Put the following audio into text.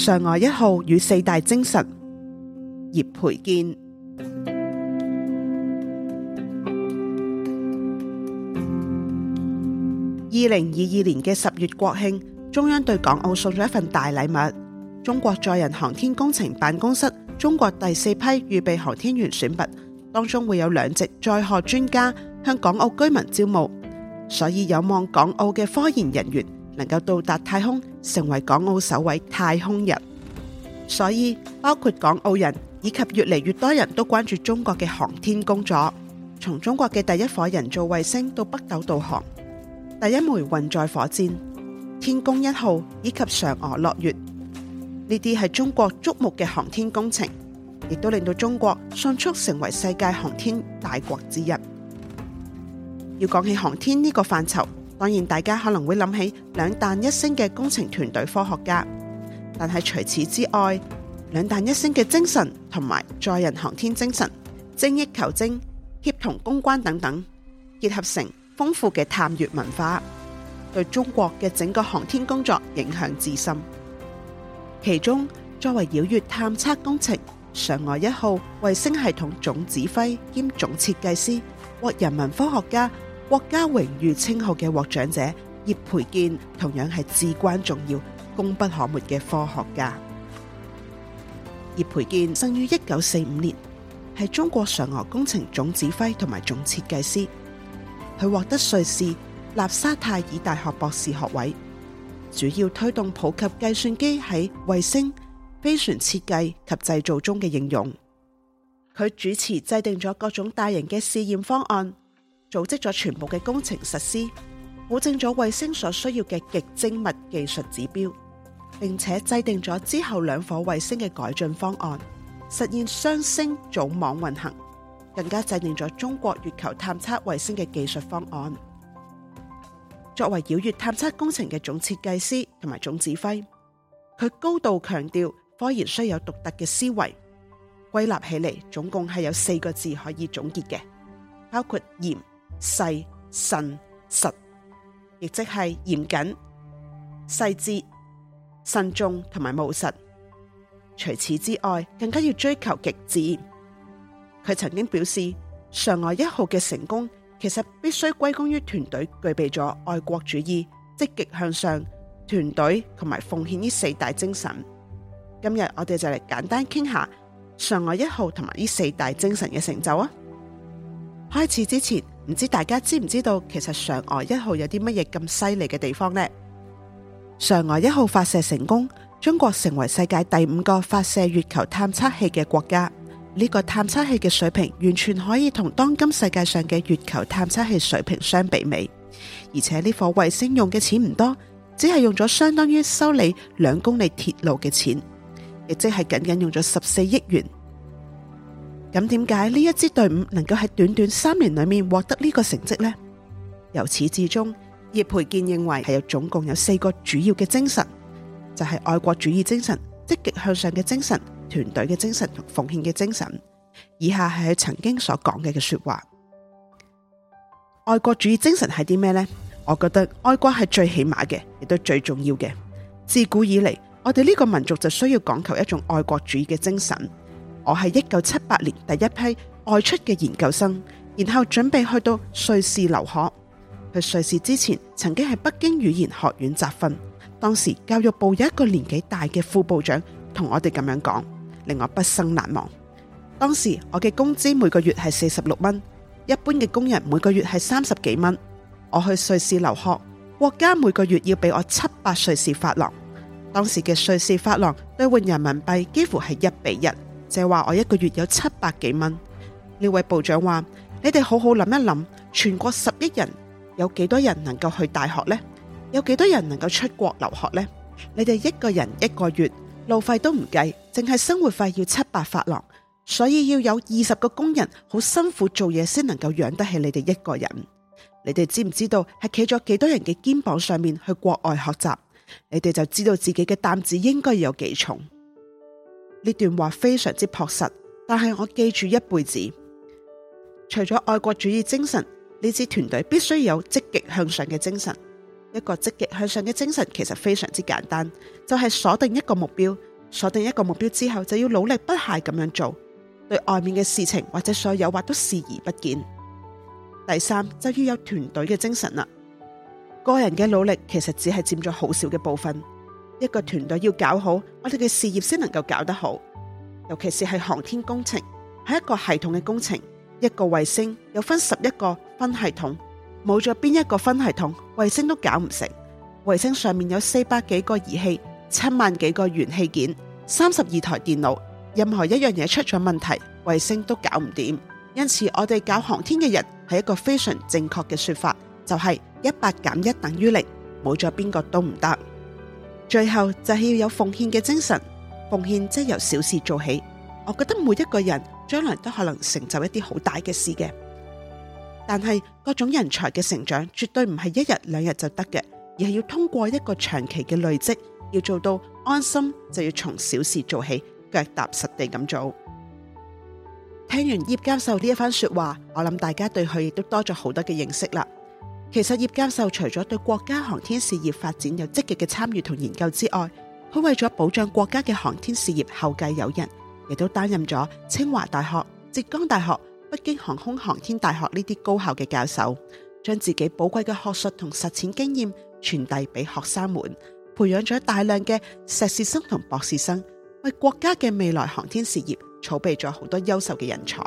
嫦娥一號與四大精神，葉培建。二零二二年嘅十月國慶，中央對港澳送咗一份大禮物——中國載人航天工程辦公室，中國第四批預備航天員選拔當中會有兩席載荷專家向港澳居民招募，所以有望港澳嘅科研人員。能夠到達太空，成為港澳首位太空人，所以包括港澳人以及越嚟越多人都關注中國嘅航天工作。從中國嘅第一顆人造衛星到北斗導航、第一枚運載火箭、天宮一號以及嫦娥落月，呢啲係中國矚目嘅航天工程，亦都令到中國迅速成為世界航天大國之一。要講起航天呢個範疇。當然，大家可能會諗起兩彈一星嘅工程團隊科學家，但係除此之外，兩彈一星嘅精神同埋載人航天精神，精益求精、協同攻關等等，結合成豐富嘅探月文化，對中國嘅整個航天工作影響至深。其中，作為繞月探測工程嫦娥一號衛星系統總指揮兼總設計師，獲人民科學家國家榮譽稱號嘅獲獎者葉培建，同樣係至關重要、功不可沒嘅科學家。葉培建生於一九四五年，係中國嫦娥工程總指揮同埋總設計師。佢獲得瑞士納沙泰爾大學博士學位，主要推動普及計算機喺衛星、飛船設計及製造中嘅應用。佢主持制定咗各種大型嘅試驗方案。組織咗全部嘅工程實施，保證咗衛星所需要嘅極精密技術指標，並且制定咗之後兩顆衛星嘅改進方案，實現雙星組網運行。更加制定咗中國月球探測衛星嘅技術方案。作為繞月探測工程嘅總設計師同埋總指揮，佢高度強調科研需要有獨特嘅思維，歸納起嚟總共係有四個字可以總結嘅，包括嚴。細、慎、實，亦即係嚴謹、細緻、慎重同埋務實。除此之外，更加要追求極致。佢曾經表示，嫦娥一號嘅成功其實必須歸功於團隊具備咗愛國主義、積極向上、團隊同埋奉獻呢四大精神。今日我哋就嚟簡單傾下嫦娥一號同埋呢四大精神嘅成就啊！開始之前。唔知大家知唔知道，其實嫦娥一號有啲乜嘢咁犀利嘅地方呢？嫦娥一號發射成功，中國成為世界第五個發射月球探測器嘅國家。呢個探測器嘅水平完全可以同當今世界上嘅月球探測器水平相媲美。而且呢顆衛星用嘅錢唔多，只係用咗相當於修理兩公里鐵路嘅錢，亦即係僅僅用咗十四億元。咁點解呢一支隊伍能夠喺短短三年裏面獲得呢個成績呢？由始至終，葉培建認為係有總共有四個主要嘅精神，就係愛國主義精神、積極向上嘅精神、團隊嘅精神同奉獻嘅精神。以下係佢曾經所講嘅嘅說話。愛國主義精神係啲咩呢？我覺得愛國係最起碼嘅，亦都最重要嘅。自古以嚟，我哋呢個民族就需要講求一種愛國主義嘅精神。我係一九七八年第一批外出嘅研究生，然後準備去到瑞士留學。去瑞士之前，曾經系北京語言學院集訓。當時教育部有一個年紀大嘅副部長同我哋咁樣講，令我畢生難忘。當時我嘅工資每個月係四十六蚊，一般嘅工人每個月係三十幾蚊。我去瑞士留學，國家每個月要俾我七百瑞士法郎。當時嘅瑞士法郎兌換人民幣幾乎係一比一。就話我一個月有七百幾蚊。呢位部長話，你哋好好諗一諗，全國十億人有幾多人能夠去大學呢？有幾多人能夠出國留學呢？你哋一個人一個月路費都唔計，淨係生活費要七百法郎，所以要有二十個工人好辛苦做嘢先能夠養得起你哋一個人。你哋知唔知道係企咗幾多人嘅肩膀上面去國外學習？你哋就知道自己嘅擔子應該有幾重。呢段話非常之樸實，但係我記住一輩子。除咗愛國主義精神，呢支團隊必須有積極向上嘅精神。一個積極向上嘅精神其實非常之簡單，就係鎖定一個目標，鎖定一個目標之後就要努力不懈咁樣做，對外面嘅事情或者所有話都視而不見。第三就要有團隊嘅精神啦，個人嘅努力其實只係佔咗好少嘅部分。一個團隊要搞好，我哋嘅事業先能夠搞得好。尤其是係航天工程，係一個系統嘅工程。一個衛星有分十一個分系統，冇咗邊一個分系統，衛星都搞唔成。衛星上面有四百幾個儀器，七萬幾個元器件，三十二台電腦。任何一樣嘢出咗問題，衛星都搞唔掂。因此，我哋搞航天嘅人係一個非常正確嘅說法，就係一百減一等於零，冇咗邊個都唔得。最後就係要有奉獻嘅精神，奉獻即係由小事做起。我覺得每一個人將來都可能成就一啲好大嘅事嘅，但係各種人才嘅成長絕對唔係一日兩日就得嘅，而係要通過一個長期嘅累積，要做到安心就要從小事做起，腳踏實地咁做。聽完葉教授呢一番說話，我諗大家對佢亦都多咗好多嘅認識啦。其實葉教授除咗對國家航天事業發展有積極嘅參與同研究之外，佢為咗保障國家嘅航天事業後繼有人，亦都擔任咗清華大學、浙江大學、北京航空航天大學呢啲高校嘅教授，將自己寶貴嘅學術同實踐經驗傳遞俾學生們，培養咗大量嘅碩士生同博士生，為國家嘅未來航天事業儲備咗好多優秀嘅人才。